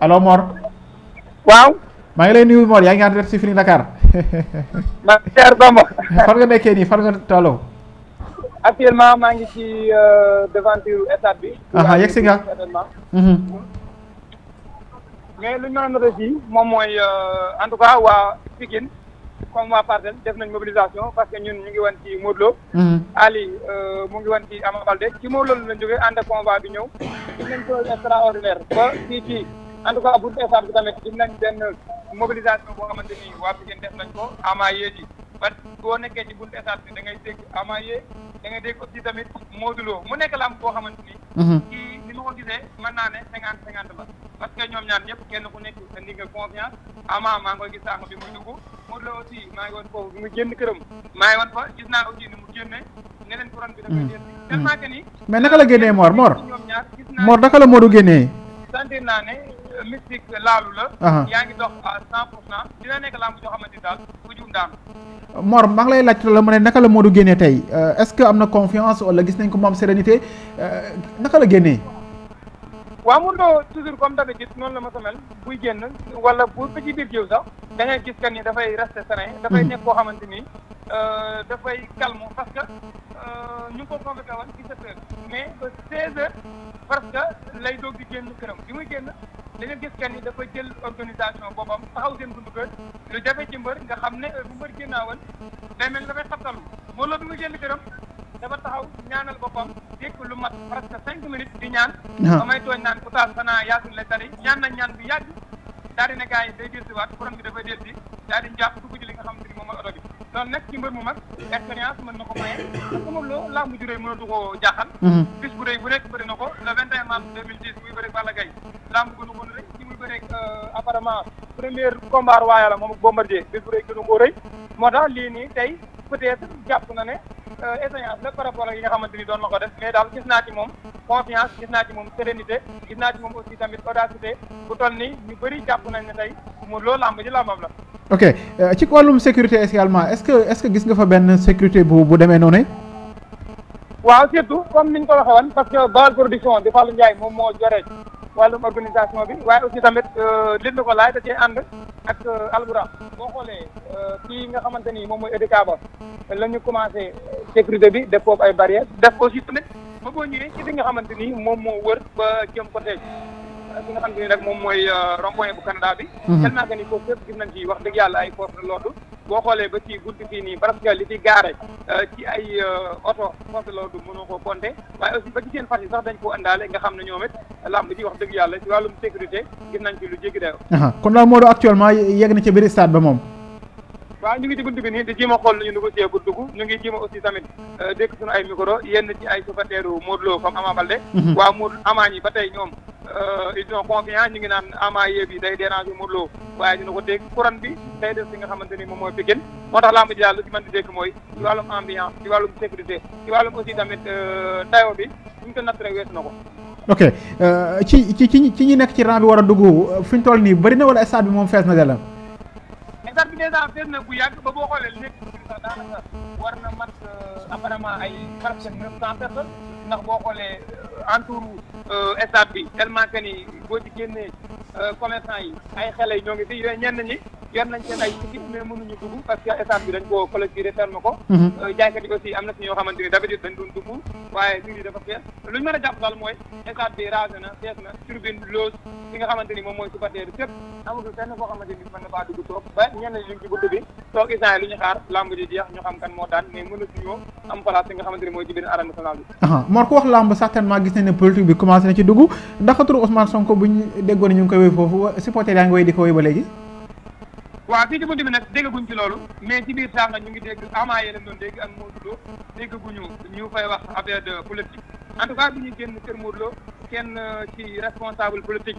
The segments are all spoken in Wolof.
allo Mor. waaw. maa ngi lay nuyu Mor yaa ngi ànd si Feeling Dakar. maa ngi seer Bamba. fan nga nekkee nii fan nga tolloo. actuellement maa ngi ci euh, devanture stade bi. yegg si nga. Mhm. mais lu ñu mën a noter fii moom mooy euh, en tout cas waa Pikine. comme waa Parcelles def nañ mobilisation parce que ñun ñu ngi woon ci Modou mhm. Ali euh, mu ngi woon ci Ama Baldé ci Modou Lo lañ jógee ànd ak bi ñëw gis nañ ko extraordinaire ba fii fii en tout cas bi tamit gis nañ benn mobilisation boo xamante ni waa Pikine def nañ ko ama yee ji parce que boo nekkee ci buntu stade bi da ngay dégg ama yee da ngay dégg aussi tamit Modou mu nekk la am koo xamante ni mhm. ni ma ko parce que ñoom ñaar ñëpp kenn ku nekk indi nga confiance ama maa ngi génn këram maa ngi woon fa génne hmm. mais naka la génnee Mor Mor Mor naka la Modou génnee sentir naa ne mystique laalu la yaa nekk lamb joo maa ngi lay laajte la ma ne naka la Modou génnee tey euh, est-ce que am na confiance wala gis nañ ko moom sérénité euh, naka la génnee waaw mun doo toujours comme d'habitude noonu la ma mel buy génn wala bu ci biir jiw sax da ngay gis que ni dafay resté serein dafay mhm. nekk koo xamante ni euh, dafay calme parce que euh, ñu ngi ko convoqué woon 17 heures mais ba 16 heures parce que lay doog di génn këram bi muy génn da nga gis que ni dafa jël organisation boppam taxaw seen buntu kër lu jafe ci mbër nga xam ne bu mbër wan day mel dafay xabtalu moo loolu bi muy génn këram dafa taxaw ñaanal boppam dégg lu mat presque cinq minutes di ñaan damay ah. tooñ naan ku taas xanaa yaasin la tari ñaan nañ ñaan bi yàgg daal di ne gars yi day delsi waat borom bi dafay delsi daal di njàpp dugg ci li nga xam ne moom mooy oto bi loolu nag ci mbër mu mag expérience mën na ko maye parce que moom loo laa mujj rëy mënatu koo jaaxal hmm. bis bu rëy bu nekk bëri na ko le 21 mars 2010 muy bëri Balla Gaye laa mu gënu ko rëy ci muy bëri euh, apparemment premier la moom ak na ne échéance euh, la par rapport ak yi nga xamante ni doon na ko def mais daal gis naa ci moom confiance gis naa ci moom sérénité gis naa ci moom aussi tamit audacité bu toll ni ñu bëri jàpp nañ ne mu loolu làmb ji làmbam la. ok euh, ci wàllum sécurité également est-ce est gis nga fa benn sécurité bu bu demee noonu. waaw surtout comme niñ ko waxee woon parce que Baol production bi Fallou Ndiaye moom moo jore wàllum organisation bi waaye aussi tamit euh, li ñu ko laaj da cee ànd ak euh, alburam boo xoolee euh, kii nga xamante ni moom mooy EDK ba la ñu commencé sécurité bi def foofu ay barrières def aussi tamit ba boo ñëwee ci li nga xamante ni moom moo wër ba jëm côté bi nga xamante ni rek moom mooy rond bu Canada bi. Mhm. tellement que ni foofu fépp gis nañ wax dëgg yàlla ay forces loolu boo xoolee ba ci guddi fii nii parce que li di gaare euh, ci ay euh, oto force la du mënoo ko compter waaye aussi ba ci seen fas yi sax dañ koo àndaale nga xam ne ñoom it lamb wax dëgg yàlla ci wàllum sécurité gis nañ ci lu jéggi dayoo. kon daal moo doon actuellement yegg na ci biir stade ba moom. waaw ñu ngi ci bunt bi nii di jéem a xool lu ñu négocier pour dugg ñu ngi jéem aussi tamit euh, dégg suñu ay micro yenn ci ay supporteru Modou Lo comme Ama Baldé mhm. waaw Modou Ama ñi ba tey ñoom euh, ils sont ñu ngi naan Ama yee yi day déranger Modou Lo waaye dina ko dégg couronne bi day def li nga xamante ni moom mooy Pikine moo tax laa ji daal lu ci mën di dégg mooy ci wàllum ambiance ci wàllum sécurité ci wàllum aussi tamit euh, tayo bi ñu ko natt rek weesu na ko ok ci ci ci ci ñi nekk ci rang bi dugg fi ñu toll nii bëri na wala stade bi moom fees na della car bi dèjà fees na bu yàgg ba boo xoolee léegi sax daanaka war na mat euh, apparemment ay presque neuf cent personnes ndax boo xoolee euh, entour euh, stade bi tellement que ni boo ci génnee commerçant yi ay xale yi ñoo ngi fi ñenn ñi. yor nañ seen ay ticket mënuñu dugg parce que stade bi dañ koo collecté ferme ko. Mhm. Euh, jaaykat aussi am na si ñoo xamante ni d'habitude dañ doon dugg waaye mbir yi dafa fees lu ñu mën a jàpp mooy stade bi rase na fees nga xamante ni moom mooy supporter ci bunt bi toog instant lu ñu xaar lamb ji jeex ñu xam kan moo daan mais mënatuñoo am place bi nga xamante mooy ci biir arène bi. Mor ku wax lamb certainement gis nañ ne politique bi commencé na ci waaw fii di bunt bi nag déggaguñ ci loolu mais ci biir sax ñu ngi dégg Ama yéen doon dégg ak Modou Lo déggaguñu ñu fay wax a affaire de politique en tout cas bi ñu génn Kër Modou Lo kenn ci responsable politique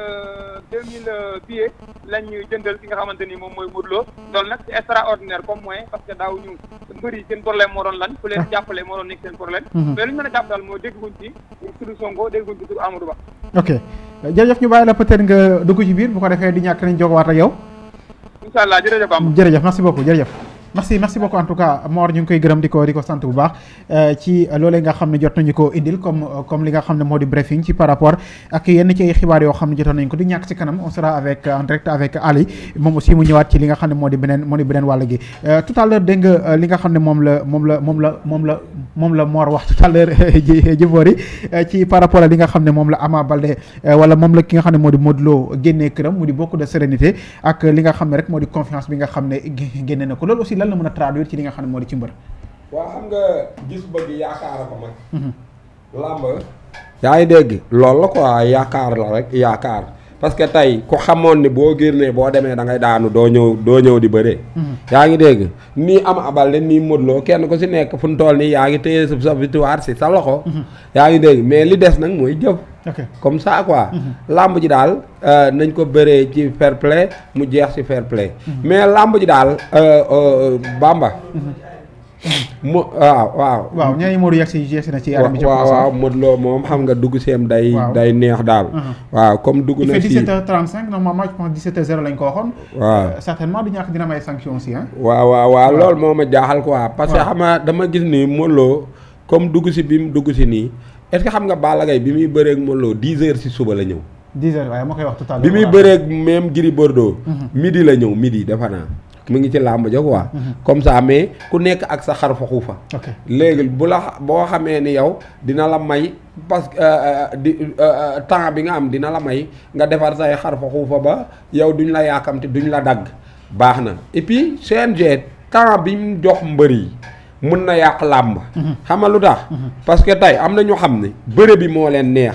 Euh, deux mille euh, billets lañ ñuy jëndal ki nga xamante ni moom mooy Modou Lo loolu nag c'est extraordinaire comme moyen parce daaw ñu mbëri seen problème moo doon lan ku leen jàppale moo doon nekk seen problème mhm. mais lu ñu mën a jàpp daal mooy dégguñ ci tudd Sonko dégguñ ci tudd Amadou Ba ok jërëjëf ñu bàyyi la peut nga dugg ci biir bu ko defee di ñàkk nañ jogowaat ak yow incha allah jërëjëf am jërëjëf merci beaucoup jërëjëf merci merci beaucoup en tout cas Mor euh, nga xam ne jot nañu ko indil comme euh, comme li nga xam ne moo di briefing ci par rapport ak yenn ci ay xibaar yoo xam ne jotoon nañu ko di ñàkk ci kanam on sera avec en direct avec Ali moom li nga xam ne moo di beneen moo di euh, nga li nga xam ne moom la moom la moom la moom moom la Mor wax tout à l'heure Djibory par rapport ak li nga xam ne moom la amaa Baldé wala moom la ki nga xam ne moo di Modou Lo génnee këram mu di beaucoup de sérénité ak li nga xam ne rek moo di confiance bi nga xam ne génne na ko loolu aussi lan la mën a traduire ci li nga xam ne moo di ci mbër. waaw xam nga gis bëgg yaakaar ko mag. Mhm. làmb. yaa ngi dégg loolu la quoi yaakaar la rek yaakaar parce que tey ku xamoon ni boo génnee boo demee da ngay daanu doo ñëw doo ñëw di bëree. Mhm. yaa ngi dégg nii am abal nii Modou Lo kenn ku si nekk fu mu toll nii yaa ngi téye sa victoire si sa loxo. Mhm. yaa ngi dégg mais li des nag mooy jëf. comme saa quoi. Mm-hmm. làmb ji daal euh, nañ ko bëree ci fair play mu jeex ci fair play mm-hmm. mais làmb ji daal euh, euh, Bamba. mu mm-hmm. waaw waaw. waaw ñaari Modou si jeex na ci yaram moom xam nga dugg seem day. day neex daal. waaw comme dugg na si il fait 17h35 normalement je pense 17h waaw dina may sanction aussi ah. waaw waaw waaw loolu moo ma jaaxal quoi. parce que xam nga dama gis ni Modou Lo comme dugg si bi mu dugg si nii. est-ce xam nga Balla Gaye bi muy bëreeg Modou Lo 10 heures si suba la ñëw. 10 heures waaye ma koy wax tout à l'heure bi muy bëreeg même Gris Bordeaux. Mhm. midi la ñëw midi dafa naa. mu ngi ci làmb ja waa mhm. comme ça mais ku nekk ak sa xar fa xuufa. léegi bu la boo xamee ni yow dina la may parce que euh, euh, di euh, temps bi nga am dina la may nga defar say xar fa xuufa ba yow duñ la yàkkamti duñ la dagg baax na et puis CNG temps bi mu jox mbër yi. mun na yàq làmb. Mhm. xam nga lu tax. Mhm. parce que tey am na ñu xam ne bëre bi moo leen neex.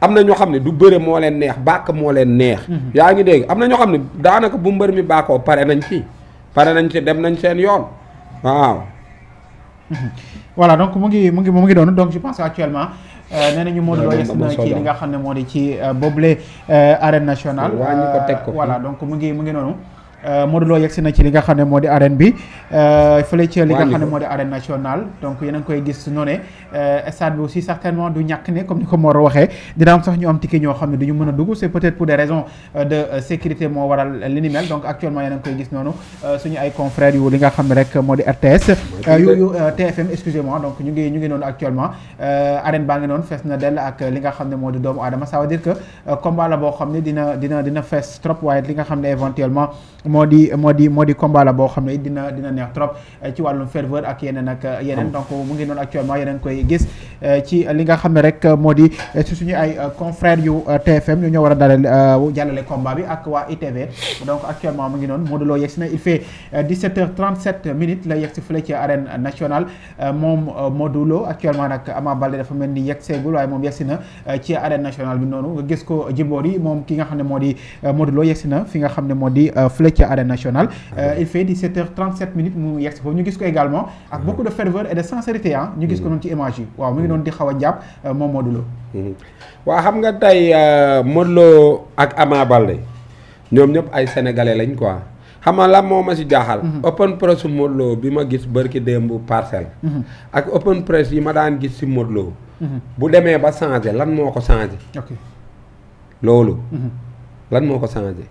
am na ñoo xam ne du bëre moo leen neex bàkk moo leen neex. Mhm. yaa ngi dégg am na ñoo xam ne daanaka bu mbër mi bàkkoo pare nañ ci pare nañ ci dem nañ seen yoon waaw. voilà donc mu ngi mu ngi mu ngi doon donc je pense actuellement. Euh, nee nañu moo Lo yes na ci li nga xam ne moo di ci euh, boobule euh, arène nationale. waa ñu ko teg ko voilà donc mu ngi mu ngi noonu. Euh, Modou Lo yegsi na ci li nga xam ne moo di arène bi euh, fële ci li nga xam ne moo di arène nationale donc yéen a ngi koy gis noo ne euh, stade bi aussi certainement du ñàkk ne comme ni ko Mor waxee dina am sax ñu am ticket ñoo xam ne du ñu mën a dugg c'est peut-être pour des raisons de sécurité moo waral ni mel donc actuellement a ngi koy gis noonu suñu ay confrères yu nga xam ne rek moo di RTS yu yu TFM excusez-moi donc ñu ngi ñu ngi noonu actuellement arène baa ngi noonu fees na dell ak li nga xam ne moo di doomu aadama ça veut dire que combat la boo xam ne dina dina dina fees trop waaye li nga xam ne éventuellement moo di moo di moo di combat la boo xam ne dina dina neex trop eh, ci wàllum ferveur ak yeneen ak eh, yeneen donc mu ngi noonu actuellement yeneen koy gis eh, ci li nga xam ne rek moo di si suñu ay confrères yu TFM ñu ñoo war a dalal jàllale combat bi ak waa ITV donc actuellement mu ngi noonu Modou Lo yegsi na il fait 17h37 minutes la yegsi fële ci arène nationale moom Modou actuellement nag Ama Baldé dafa mel ni yegg seegul waaye moom yegsi na ci arène bi noonu gis ko jiboor yi moom ki nga xam ne moo di Modou Lo yegsi fi nga xam ne moo ca arène national euh, il fait 17h37 minutes mu yegsi foofu ñu gis ko également ak beaucoup de ferveur et de sincérité ah ñu gis ko noonu ci image yi waaw mu ngi doon di xaw a jàpp euh, moom Modou Lo mhm. waa xam nga tey euh, Modou Lo ak Ama Baldé ñoom ñëpp ay sénégalais lañ quoi xam nga lan moo ma si jaaxal. Mhm. open press Modou bi ma gis bërki démb parcelle. Mhm. ak open press yi ma daan gis si Modou bu demee ba changé lan moo ko changé. ok loolu. lan moo ko changé.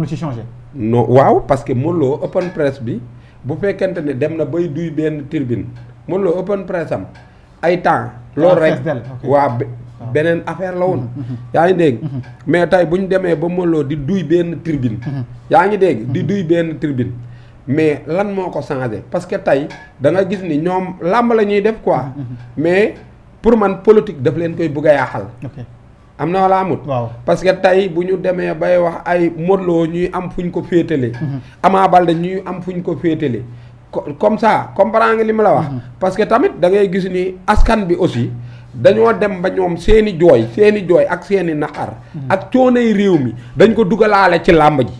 lu ci changé. non waaw parce que Modou Lo open press bi bu fekkente ne dem na bay duy benn turbine Modou Lo open press am ay temps. loolu rek waa ah. beneen affaire la woon. Mm-hmm, mm-hmm. yaa ngi dégg mm-hmm. mais tey bu ñu demee ba Modou di duy benn turbine. yaa ngi dégg di duy benn turbine. mais lan moo ko changé parce que tey da gis ni ñoom làmb la ñuy def quoi. mais pour man politique daf leen koy bëgg a yaaxal. am na wala amut. waaw parce que tey bu ñu demee bay wax ay Modou ñuy am fuñ ko féetale. Mhm. Ama Baldé ñuy am fuñ ko féetale. comme ça comprendre nga li ma la wax. Mhm. parce que tamit da ngay gis ni askan bi aussi dañoo dem ba ñoom seeni jooy seeni jooy ak seeni i mhm. ak coonay réew mi dañ ko dugalaale ci làmb ji.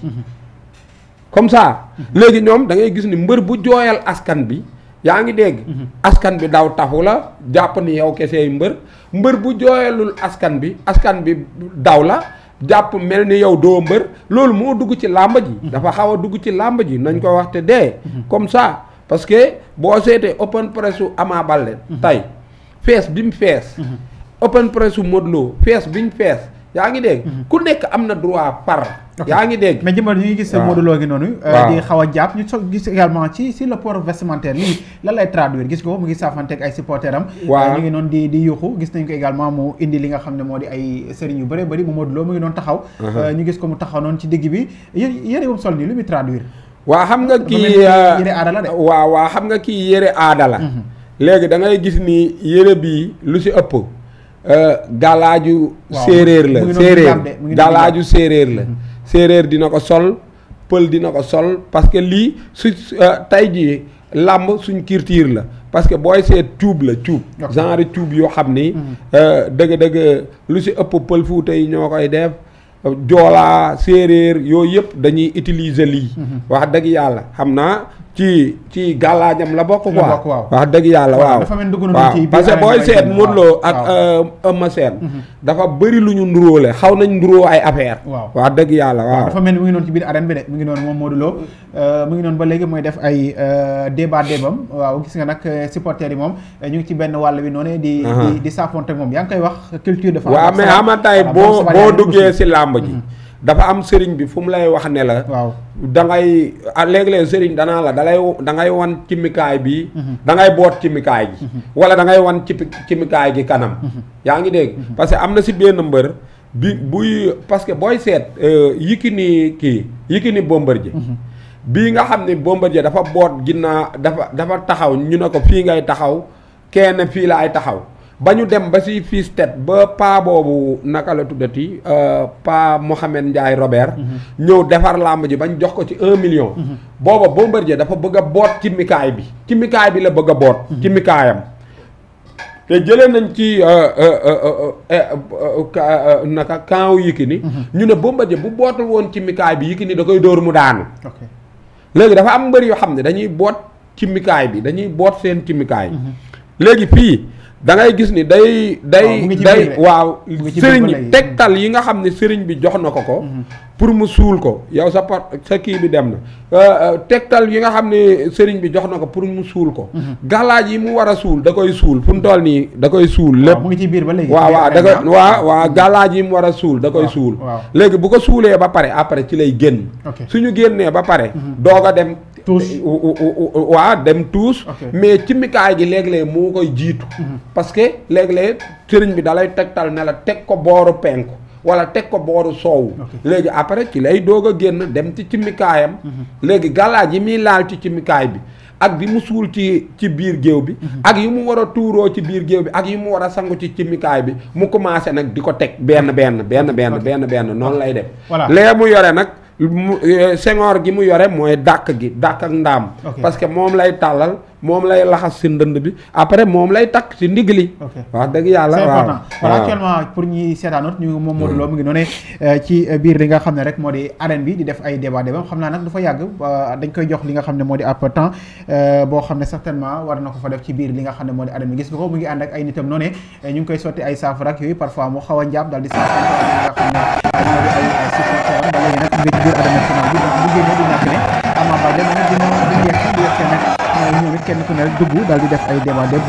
comme ça léegi ñoom da ngay gis ni mbër bu jooyal askan bi. yaa ngi dégg. Mhm. askan bi daw tafu la jàpp ni yow kesey mbër mbër bu jooyalul askan bi askan bi daw la jàpp mel ni yow doo mbër loolu moo dugg ci làmb ji. Mhm. dafa xaw a dugg ci làmb ji nañ ko wax te dee. Mhm. comme ça parce que boo seetee open press su Ama Baldé tey fees bi mu fees. open press su Modou Lo fees bi mu fees yaa ngi dégg. ku nekk am na droit par. yaa ngi dégg mais jëmbat ñu ngi gis Modou Lo ngi noonu euh, di xaw a jàpp ñu so gis également ci si le port vestimentaire lii lan lay traduire gis ko mu ngi saafanteeg ay supporter am waaw euh, ñu ngi noonu di di yuuxu gis nañ ko également mu indi li nga xam ne moo di ay sëriñ yu bëri bari mu Modou Lo mu ngi doon taxaw uh-huh. euh, ñu gis ko mu taxaw noonu ci digg bi yéen yéen moom sol nii lu muy traduire waa xam nga kii yére aada la de waaw waa xam nga kii yëre aadala uh-huh. léegi da ngay gis ni yére bii lu si ëpp galaaju séeréer la séeréer galaaju séeréer la uh-huh. séeréer dina ko sol pël dina ko sol parce que lii su euh, tey ji làmb suñ culture la parce que booy seet cuub la cuub genre cuub yoo xam ni mm-hmm. euh, dëgg-dëgg lu si ëpp pël fuuta yi ñoo koy def joolaa séeréer yooyu yëpp dañuy utiliser lii mm-hmm. wax dëgg yàlla xam naa ci ci gàllaajam la bokk quoi wax dëgg yàlla waaw waaw parce que booy seet Modou Lo ak euh, Eumeu Sène mhm. dafa bëri lu ñu nduróole xaw nañ nduróo ay affaire wax dëgg yàlla waaw dafa mel ni mu ngi noonu ci biir arène bi de mu ngi noonu moom Modou Lo euh, mu ngi noonu ba léegi mooy def ay euh, débat débam waaw gis nga nag supporters yi moom ñu ngi ci benn wàll bi noonu di di di saafonte moom yaa ngi koy wax culture de waaw mais xam nga tey boo boo duggee si làmb ji mhm. dafa am sëriñ bi fu mu lay wax ne la. waaw da ngay ah, léeg sëriñ danaa la dalay lay da ngay wan ci mikaay bi. Mhm. da boot ci mikaay gi. Mhm. wala da ngay wan ci ci mikaay gi kanam. Mhm. yaa ngi dégg parce que am na si benn mbër bi buy parce que booy seet euh, ni kii Yékini Bombardier bii nga xam ne Bombardier dafa boot ginnaaw dafa dafa taxaw ñu ne ko fii ngay taxaw kenn fii la ay taxaw. ba ñu dem ba si fiis tet ba paa boobu naka la tuddati euh, paa Mohamed Ndiaye Robert. Mm-hmm. ñëw defar làmb ji bañ jox ko ci un million. Mm-hmm. booba Bombardier dafa bëgg boot ci mikaay bi ci mikaay bi la bëgg a boot. ci mm-hmm. mikaayam. te jëlee nañ ci euh, euh, naka kaaw Yékini ñu ne Bombardier bu bootul woon ci mikaay bi Yékini da koy dóor mu daanu. léegi dafa am mbër yoo xam ne dañuy boot ci mikaay bi dañuy boot seen ci mikaay. léegi fii. da ngay gis ni day day day waaw sëriñ tegtal yi nga xam ne sëriñ bi jox na ko ko mm-hmm. pour mu suul ko yow sa par sa kii bi dem na euh, euh, tegtal yi nga xam ne sëriñ bi jox na ko pour mu suul ko mm-hmm. galaaj yi mu war a suul da koy suul fu mu toll nii da koy suul lépp mu ci biir ba léegi waaw waaw da koy waaw waaw galaaj yi mu war a suul da koy suul léegi bu ko suulee ba pare après ci lay génn suñu génnee ba pare mm-hmm. doog a dem tuus eh, waa dem tuus. mais ci mikaay gi léeg-léeg moo koy jiitu. Mhm. parce que léeg-léeg sëriñ bi dalay tegtal ne la teg ko booru penku wala teg ko booru soowu. léegi après ci lay doog a génn dem ci cimikaayam. Mhm. léegi galaaj yi muy laal ci cimikaay bi. ak bi mu suul ci ci biir géew bi. Mhm. ak yu mu war a tuuroo ci biir géew bi ak yu mu war a sangu ci cimikaay bi mu commencé nag di ko teg benn benn benn benn benn benn noonu lay def. lee mu yore nag. mu eh, sengoor gi mu yore mooy dàkk gi dàkk ak ndaam. parce que moom lay tàllal moom lay laxas si ndënd bi après moom lay takk si ndigli li. wax dëgg yàlla waaw c'est important voilà actuellement moom Modou mm. mu ngi noonu eh, ci biir li nga xam ne rek moo di arène bi di def ay débat débat xam naa nag du fa yàgg dañ koy jox li nga xam ne moo di ab temps eh, boo xam ne certainement war na ko fa def ci biir li nga xam ne moo di arène bi gis nga ko mu ngi ànd ak ay nitam noonu ñu ngi koy sotti ay saafara ak yooyu parfois mu xaw a jàpp di saafara mbir biir a nationale bi donc bu génnee du ñàkk ne Ama Baldé moom dina dina yegg si bu yegsee nag ñoom kenn ku ne rek dugg daal di def ay débat